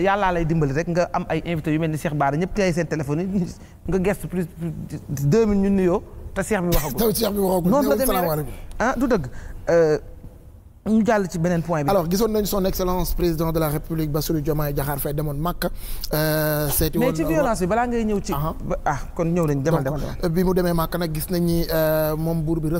yàllaa lay dimbali rek nga am ay invité yu mel ni Cheikh Bara ñëpp tey seen téléphone yi nga gëstu plus deux minutes ñu nuyoo te Cheikh bi waxagul. taw Cheikh bi waxagul noonu la demee ah du dëgg. Euh, ñu jàll ci beneen point bi. alors gisoon nañu son excellence président de la république Bassirou Diomaye Diakhar Faye demoon Makka. Euh, seeti bi ngay ñëw ci. ah kon ñëw nañu demal demal demal. bi mu demee Makka nag gis nañ ni euh, moom buur bi na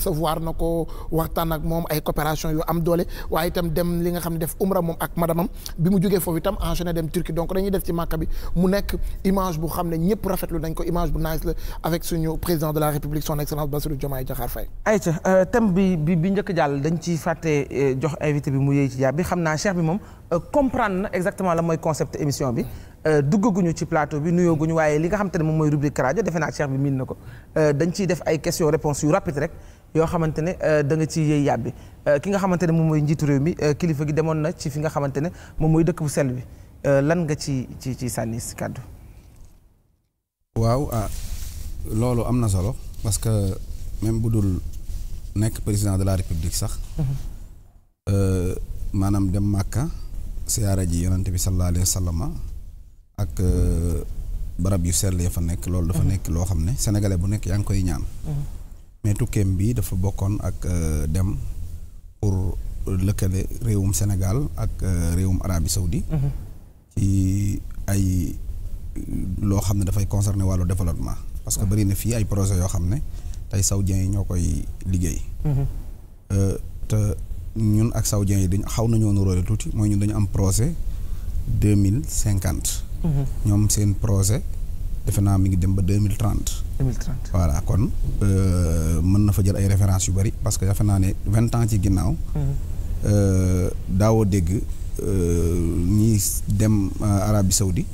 ko waxtaan ak moom ay coopération yu am doole waaye itam dem li nga xam def umra moom ak madamam bi mu jógee foofu itam enchaîné dem Turquie donc dañuy def ci Makka bi mu nekk image bu xam ne ñëpp rafetlu nañ ko image bu nice la avec suñu président de la république son excellence Bassirou Diomaye Diakhar Faye. ayca euh, thème bi bi njëkk jàll dañ ci fàtte. jox invité bi mu yëy ci yàb bi xam naa cheikh bi moom euh, comprendre na exactement la mooy concept émission bi euh, duggaguñu ci plateau bi nuyooguñu waaye li nga xam te ne moom mooy rubrique rajo defe naa cheikh bi miin na ko euh, dañ ciy def ay question réponse yu rapide rek yoo xamante ne da nga ci yëy yàb ki nga xamante ne moom mooy njiitu réew mi kilifa gi demoon na ci fi nga xamante ne moom mooy dëkk bu sell bi lan nga ci ci ci sànni si kàddu waaw ah, loolu am na solo parce que même bu dul nekk président de la république sax mm-hmm. Euh, maanaam dem màkka siyaara ji yonante bi sallallahu alayhi wa ak euh, barab yu sell ya fa nekk loolu dafa mhm. nekk loo xam ne sénégalais bu nekk yaa ngi koy ñaan mhm. mais tukkeem bi dafa bokkoon ak euh, dem pour lëkkale réewum Sénégal ak réewum Arabie Saoudi mhm. ci ay loo xam ne dafay concerné wàllu développement parce que bëri na fii ay projet yoo xam ne tey saoudiens yi ñoo koy liggéey ñun ak saoudiens yi dañu xaw nañoo nuróole tuuti mooy ñun dañu am projet deux mille cinquante. Mhm. ñoom seen projet defe naa mi ngi dem ba deux mille trente. deux mille trente voilà kon euh, mën na fa jël ay références yu bari parce que defe naa ne vingt ans ci ginnaaw. Mhm. Euh, daawoo dégg euh, ñi dem Arabie Saoudi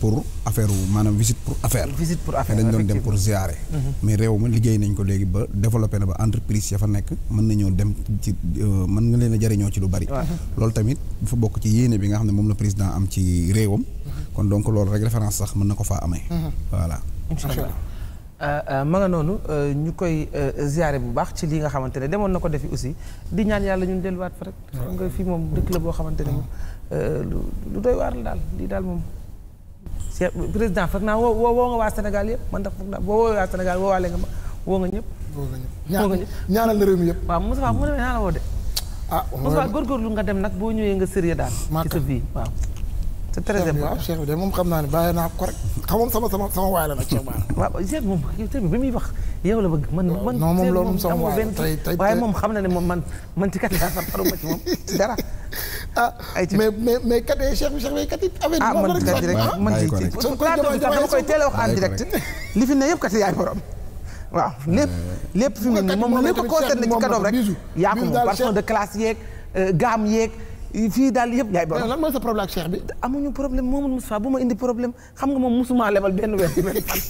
pour affaire wu maanaam visite pour affaire. visite dañ doon dem pour ziare. Mhm. mais réew ma liggéey nañ ko léegi ba développé na ba entreprise ya fa nekk mën nañoo dem ci euh, mën nga leen a jariñoo ci lu bari. loolu tamit dafa bokk ci yéene bi nga xam ne moom la président am ci réewam. Mhm. kon donc loolu rek référence sax mën na ko faa amee. Mhm. voilà. incha allah euh, euh, ma ñu koy ziare bu baax ci li nga xamante ne demoon na ko defi aussi di ñaan yàlla ñun delluwaat fa rek. xam nga fii moom dëkk la chef président foog naa woo woo nga waa senegal yëpp man tax foog naa woo woowee waa Sénégal woowaale ma woo nga ñëpp. woo nga ñëpp ñaanal na réew mi yëpp. waaw Moussa mu ne naa la woo de. ah dem nag boo ñëwee nga sérieux daal. ci sa waaw. c'est très important moom xam naa ne bàyyi naa ko rek xam moom sama sama sama waay la nag chef baa waaw bi bi wax la bëgg man man non moom moom sama waay la tey moom xam na ne moom man man ci kat daa far faru ma ci moom dara ah mais mais mais kat yi Cheikh bi Cheikh ah, man ci ah, koy teel a wax en direct. li fi ne yëpp kat yaay borom. waaw lépp lépp fi mu moom lépp concerne ci kadoom rek. yaa ko moom parfum de euh, yëpp yaay borom lan mooy sa problème moom Cheikh bi. amuñu bu ma indi problème xam nga moom musuma lebal benn weer ci benn fan.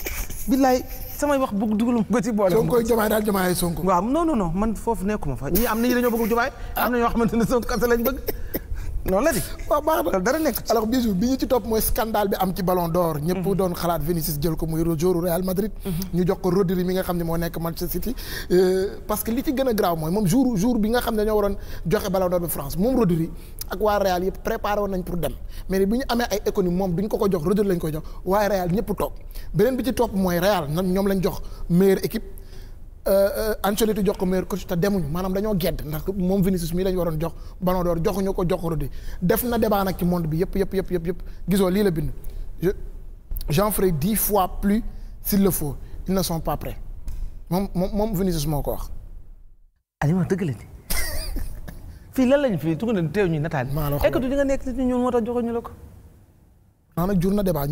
billaay samay wax bëgg dugalum ko ci boole. Sonko Diomaye daal Diomaye Sonko. waaw non am na ñi dañoo bëgg Diomaye ah. am na ñoo xamante ne Sonko kese lañ bëgg. noonu la di waaw baax na dara nekk alors bijou bi ñu ci topp mooy scandale bi am ci ballon d'or mhm. ñëpp doon xalaat Vinicius jël ko muy joueur Real Madrid mhm. ñu jox ko Rodri mi nga xam ne moo nekk Manchester City euh, parce li ci gën a graaw mooy moom jour jour bi nga ne dañoo waroon joxe ballon d'or bi France moom Rodri ak waa Real yëpp préparé nañ pour dem mais bi ñu amee ay économie moom bi ñu ko ko jox Rodri lañ koy jox waaye Real ñëpp toog beneen bi ci topp mooy Real ñoom lañ jox meilleure équipe Euh, euh, Ancelotti jox ko meilleur coach te demuñu maanaam dañoo gedd ndax moom Vinicius mii lañu waroon jox Ballon d'Or joxuñu ko jox ko Rodri def na débat nag ci monde bi yëpp yëpp yëpp yëpp yëpp gisoo lii la bind j'en ferai dix fois plus si le faut ils ne sont pas prêts moom moom vinisis moo ko wax. Aliou wax dëgg la fii lan lañu fi tukk na teew ñu nataal. maa la nekk nit ñun moo tax joxuñu la ko. maanaam jur na débat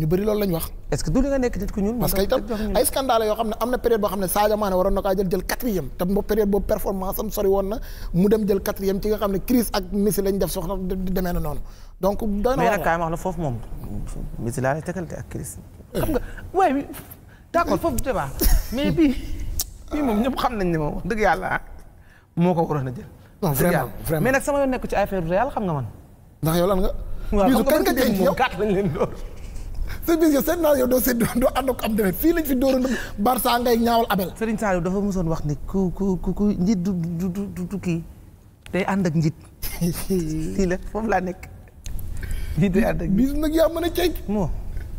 na ne Sadio Mané waroon na kaa jël jël quatrième te boobu période boobu performance am sori ci nga xam ne na ma wax la foofu moom. Messi laa lay tegalte ak crise. Eh. xam nga foofu débat mais bii moom ñëpp xam nañ ne moom dëgg yàlla moo ko waroon a jël. non nag sama yoon nekk ci affaire Real xam nga man. ndax yow lan nga. bisu kan nga denc yow gàtt leen door te bis yow seet naa yow doo seet doo ànd ak am demee fii lañ fi dóorandoo Barça ngay ñaawal Abel. Serigne Saliou dafa mosoon wax ne ku ku ku njiit du du du day ànd ak njiit fii laa nekk njiit day ànd ak bis nag yaa mën a ceeb. moo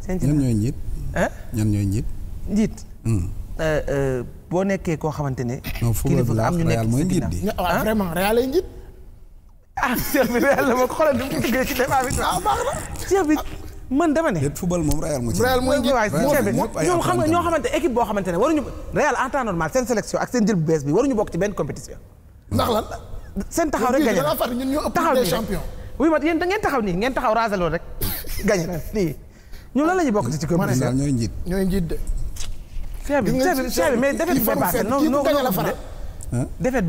seen ci ñan ñooy njiit. ah ñooy njiit. njiit. Hmm. Euh, euh, boo nekkee koo xamante ne. kilifa am ñu nekk ci ginnaaw non foofu la mooy njiit bi. Ah, vraiment Real lay njiit. ah Cheikh bi Real la ma xam nga ñoo xamante équipe boo xamante ne waruñu. Real en temps normal seen sélection ak seen jël bu taxaw rek gagné taxaw nii rek. taxaw nii ngeen taxaw raseloo rek gagné na lii ñun lan la ñuy bokk ci compétition. ñooy njiit ñooy njiit de. Cheikh bi Cheikh bi mais défaite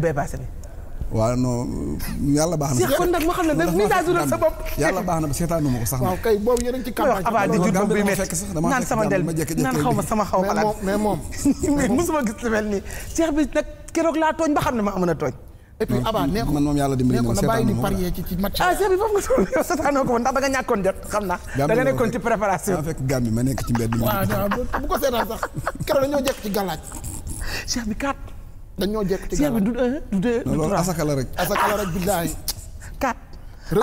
bee passé. non waaw non yàlla baax na. kon nag ma xam ne daf ni daa jural sa bopp. yàlla na ba seetaanu ma ko sax. waaw a ngi ci campagne. abaa di jur boobu metti naan sama del naan xaw ma sama xaw ma lan mais moom gis lu mel nii. Cheikh bi nag keroog laa tooñ ba xam ne ma amoon a tooñ. et puis abaa nee ko man moom yàlla dimbali na seetaanu ma ko la ci ci match. ah Cheikh bi ndax da ñàkkoon jot xam naa. da nekkoon ci préparation. daa fekk gàmm ma nekk ci mbedd mi. waaw bu ko seetaan sax keroog dañoo jekk ci galaaj Cheikh bi kaat dañoo jekk ci gàllankoor du du du du loolu asaka la rek. asaka la rek billaahi. quatre.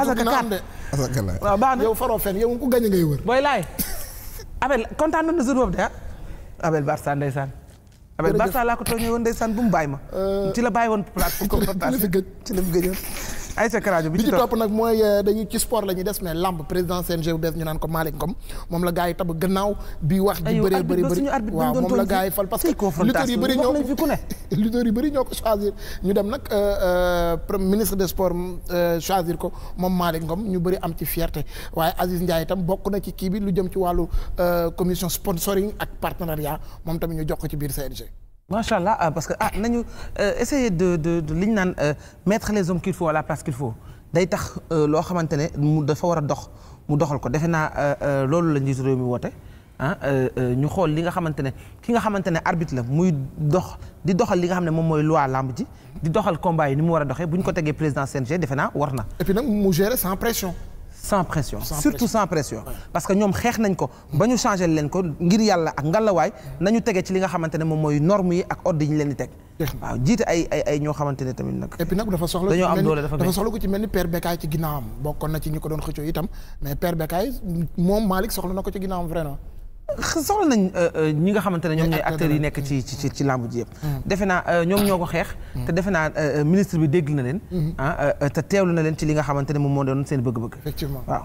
asaka quatre asaka la waaw baa na yow faroo fen yow ku gañ ngay wër. booy laay. Abel kontaan na jour boobu de ah. Abel Barça ndeysaan. la Barça laa ko tooñee woon ndeysaan bu mu baay ma. Euh, ci la bàyyi woon place pour que. ci la fi gëj ci la fi Aïssa Karajo bi ci topp nag mooy euh, dañuy ci sport la ñuy des mais lamb président CNG bu bees ñu naan ko Malick Ngom moom la gars yi tab gannaaw bi wax ji bëree bëri bëri waaw moom la gars yi fal parce que lutteurs yi bëri ñoo yi bëri ñoo ko choisir ñu dem nag euh, euh, ministre des sports choisir ko moom Malick Ngom ñu bëri am ci fierté waaye Aziz Ndiaye itam bokk na ci kii bi lu jëm ci wàllu commission sponsoring ak partenariat moom tamit ñu jox ko ci biir CNG macha allah ah, parce que ah nañu euh, essayer de de de li ñu naan euh, mettre les hommes qu'il faut à la place qu'il faut day tax euh, loo xamante ne mu dafa war a dox mu doxal ko defe naa loolu la njiitu réew mi woote ah ñu xool li nga xamante ne ki nga xamante ne arbitre la muy dox di doxal li nga xam ne moom mooy loi lamb ji di doxal combat yi ni mu war a doxee bu ñu ko tegee président CNG defe naa war na. et puis nag mu gérer sans pression. sans pression sans surtout sans pression parce que ñoom xeex nañ ko ba ñu changé leen ko ngir yàlla ak ngalawaay nañu tege ci li nga xamante ne moom mooy norme yi ak ordre yi leen di teg waaw jiite ay ñoo xamante ne tamit nag et puis nag dafa soxla ko ci mel ni père Bekaay ci ginnaawam bokkoon na ci ñi ko doon xëccoo itam mais père Bekaay moom Malick soxla na ko ci ginnaawam vraiment soxla nañ euh, euh, ñi nga xamante ne ñoom ñooy acteurs yi nekk ci ci ci làmb ji yëpp. Mm. defe naa euh, ñoom ñoo ko xeex. Mm. te defe naa ministre bi dégg na leen. Mm-hmm. Ah, te teewlu na leen ci li nga xamante ne moom moo doon seen bëgg-bëgg. effectivement waaw.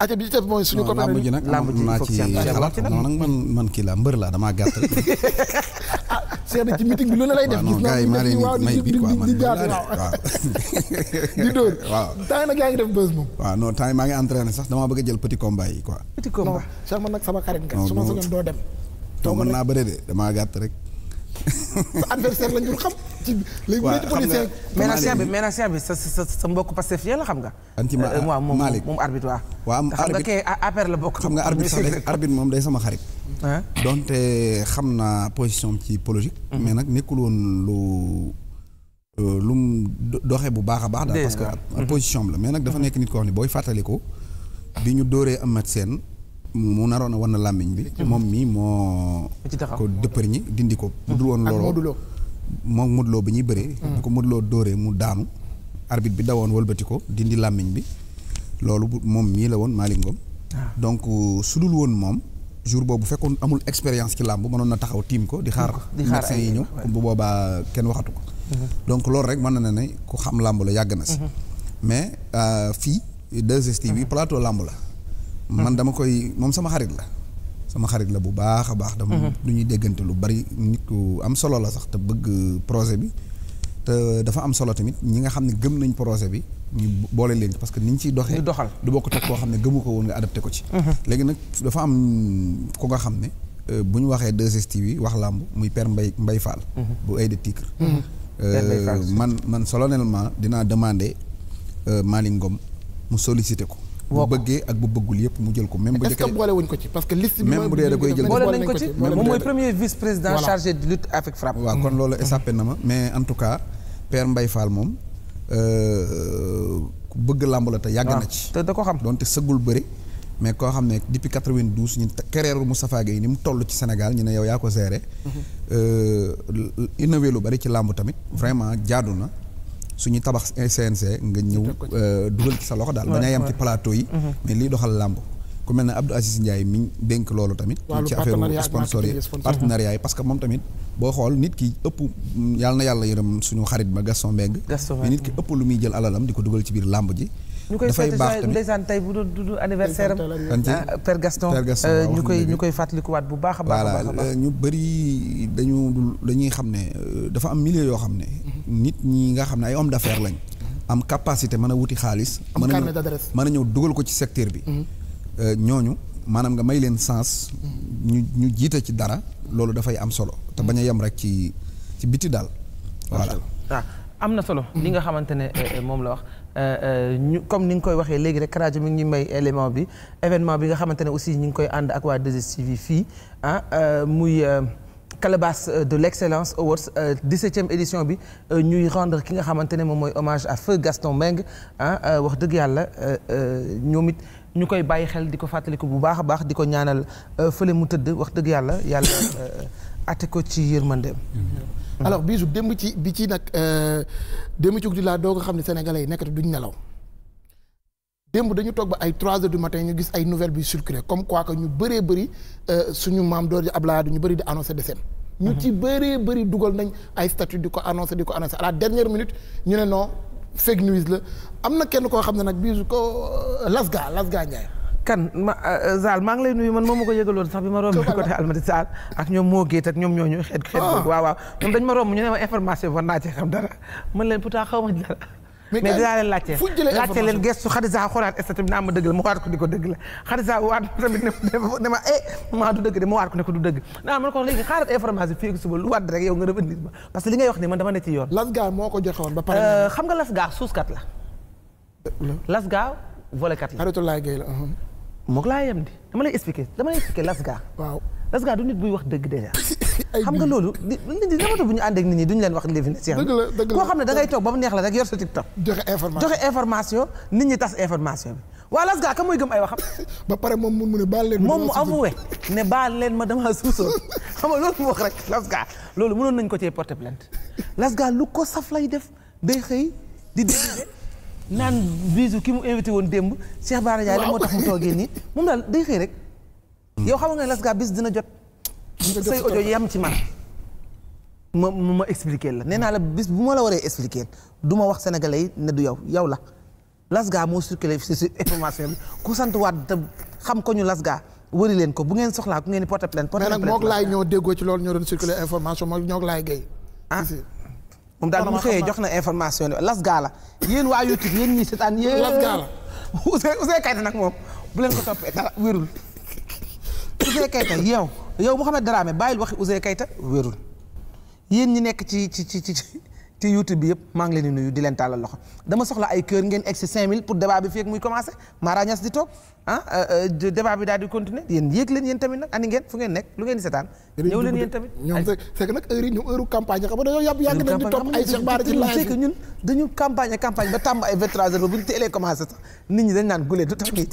ate bi ci mooy suñu copain làmb ji nag làmb ji naa ci xalaat non nag man man kii laa mbër laa damaa gàtt seet ci meeting bi lu ne lay def. gis naa ñu waaw di di di jaar waaw. di dóor. waaw temps nag yaa ngi def bës moom. waaw non temps maa ngi entraîné sax damaa bëgg a jël petit combat yi quoi. petit combat non man nag sama xarit nga. non su ma sañoon doo dem. toog mën naa bëre de damaa gàtt rek. sa adversaire lañ dul xam. ci léegi métti policier. ménacien bi ménacien bi sa sa sa mbokk Pastef la xam nga. anti ma euh, euh, Malick waaw moom moom arbitre waaw. waaw arbitre xam nga kay affaire la bokk. xam nga arbitre sax arbitre moom day sama xarit donte xam naa position ci politique. Mhm. mais nag nekkul woon lu euh, lu mu doxee bu baax a baax. daal parce que mhm. position la mais nag dafa mhm. nekk nit koo xam ne booy fàttaliku. bi ñu dóoree Amath Sène mu naroon a wan na làmmiñ bi. moom mii moo. ko dëppër ñi dindi ko. bu dul woon bi ñuy bëree. bu ko mu daanu. arbitre bi dawoon wëlbati ko dindi làmmiñ bi. loolu moom mii la woon Malick Ngom. Ah. donc euh, su dul woon moom. jour boobu fekkoon amul expérience ci làmb mënoon na taxaw tiim ko di xaar médecin yi ñëw bu boobaa kenn waxatu ko mhm. donc loolu rek mën na ne ne ku xam làmb la yàgg na si mhm. mais euh, fii 2STV bi mhm. plateau làmb la man dama koy moom sama xarit la sama xarit la bu baax a baax dama du ñuy déggante lu bari nit ku am solo la sax te bëgg projet bi te dafa am solo tamit ñi nga xam ne gëm nañ projet bi ñu boole leen parce que ni ñu ciy doxee doxal du bokk teg koo xam ne gëmu ko woon nga adapté ko ci léegi nag dafa am ku nga xam ne bu ñu waxee 2STV wax làmb muy père Mbay Mbay Fall bu Aïda Tigre man man solennellement dinaa demander Malick Ngom mu sollicité ko bu bëggee ak ko même que boole wuñ ko ci premier vice président chargé de lutte avec frappe waaw kon loolu échappé na ma mais en tout cas Père Mbaye Fall moom euh, ku bëgg làmb la te yàgg na ci. te sëggul bëri. mais koo xam ne depuis 92 ñun kereeru Moustapha Gueye ni mu toll ci Sénégal ñu ne yow yaa ko géré. Euh, innové lu bari ci làmb tamit. vraiment jaadu na suñu tabax CNC nga ñëw euh, dugal ci sa loxo daal. bañ a yem ci plateau yi. Mhm. mais liy doxal làmb. ku mel ne Abdou Aziz Ndiaye mi dénk loolu tamit. ci affaire sponsor yi partenariat parce que moom tamit boo xool nit ki ëpp yàlla na yàlla yërëm suñu xarit ba Gaston Mbengue. mais nit ki ëpp lu muy jël alalam di ko dugal ci biir làmb ji. dafay baax tamit ñu koy ndeysaan tey bu doon dudd anniversaire ah, Gaston euh, ñu koy ñu koy fàttalikuwaat bu baax a baax. voilà euh, ñu bëri dañu dul dañuy xam ne euh, dafa am milieu yoo xam ne. nit ñi nga xam ne ay homme d'affaires lañ. am capacité mën a wuti xaalis. mën a ñëw dugal ko ci secteur bi mhm. Euh, ñooñu maanaam nga may leen sens. Mm-hmm. ñu ñu jiite ci dara. loolu dafay am solo. te bañ a mm-hmm. yem rek ci ci biti daal. voilà waaw ah, am na solo. Mm-hmm. li nga xamante ne euh, euh, moom la wax. ñu comme ni nga koy waxee léegi rek Karajo mi ngi may élément bi événement bi nga xamante ne aussi ñu ngi koy ànd ak waa 2STV fii ah muy. calebasse de l'excellence awards dix-septième édition bi ñuy rendre ki nga xamante ne moom mooy hommage à feu Gaston Mbengue ah, wax dëgg yàlla ñoomit ñu koy bàyyi xel di ko fàttaliku bu baax a baax di ko ñaanal euh, fële mu tëdd wax dëgg yàlla yàlla euh, atte ko ci yërmandeem bii bisu démb ci bi ci nag euh, démb ci guddi laa doo ko xam ne sénégalais yi nekkati duñ nelaw démb dañu toog ay trois heures du matin ñu gis ay nouvelles bi circulé comme quoi que ñu bëree bëri suñu maam door laa Abdoulaye ñu bëri di annoncé décès ñu mhm. ci bëree bëri dugal nañ ay statut di ko annoncé di ko annoncé à la dernière minute ñu fake news la am na kenn koo xam ne nag bii ko euh, Lasga Lasga Ndiaye. kan ma euh, euh, Zal maa ngi lay nuyu man moom ma ko yëgaloon sax bi ma romb côté Almadi Zal ak ñoom moo géet ak ñoom ñooñu xeet xeet ah. waaw waaw ñoom dañ ma romb ñu ne ma information bi naa ci xam dara man leen pourtant xaw ma dara mais dinaa leen laajte laajte leen gestu Xadija xoolaat est-ce que naa ma dëgg la ma waat ko ni ko dëgg la Xadija ma eh maa du dëgg de ma waat fii ak suba lu waat rek yow nga revenir ma parce que li ngay wax ni man dama ne ci yoon Lasga moo ko joxewoon ba pare euh, xam nga Lasga uh-huh. di dama lay expliquer dama lay expliquer Lasga waaw parce que du nit buy wax dëgg déjà xam nga loolu nit bu ñu ànd ak nit ñi duñu leen wax léegi ne seex koo xam ne da ngay toog ba mu neex la rek yor sa TikTok joxe information joxe information nit ñi tas information bi waa las gaa ka mooy gëm ay waxam ba pare moom mu ne baal leen moom mu avoué ne baal leen ma damaa suusoon xam nga loolu mu wax rek las gaa loolu mënoon nañ ko cee porter plainte las gaa lu ko saf lay def day xëy di dégg naan bisu ki mu invité woon démb Cheikh Bara Ndiaye la moo tax mu toogee nii moom daal day xëy rek Hmm. yow xam nga ne Lasga bis dina jot. say audio yam ci man. ma ma expliquer la nee naa la bis bu ma la waree expliquer du ma wax sénégalais yi ne du yow yow la. Lasga moo circulé si si bi ku sant waat te xam ko ñu Lasga wëri leen ko bu ngeen soxlaa ku ngeen di porter plainte. porter plainte mais nag moog laay ñoo déggoo ñoo doon circulé information moog laay gay. ah moom daal mu xëyee jox na information ne la yéen waa YouTube yéen ñii seetaan yéen. Lasga la Ouzin Ouzin Keita nag moom bu leen ko toppee wérul. Ouzin Keita yow yow Mouhamed bàyyil waxi Ouzin Keita wérul yéen ñi nekk ci ci ci ci ci YouTube bi yëpp maa leen di nuyu di leen tàllal loxo dama soxla ay kër ngeen egg si 5000 pour débat bi feeg muy commencé Mara di toog ah euh, euh, bi daal continuer yéen yéeg leen tamit nag ani ngeen fu ngeen nekk lu ngeen seetaan. ñëw leen yéen tamit ay Cheikh ñun dañu campagne campagne ba tàmm ay 23 heures ba bu ñu teelee commencé sax nit ñi dañ